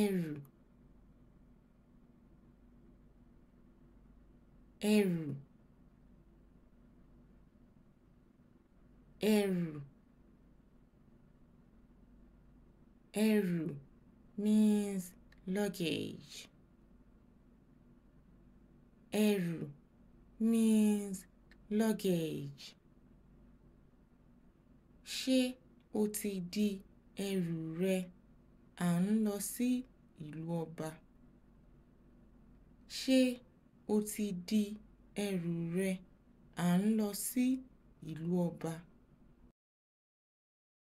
ẹrù ẹrù ẹrù ẹrù means luggage ẹrù means luggage ṣé o ti di ẹrù rẹ? À ń lọ sí ìlú ọba. Ṣé o ti di ẹrù rẹ? À ń lọ sí ìlú ọba.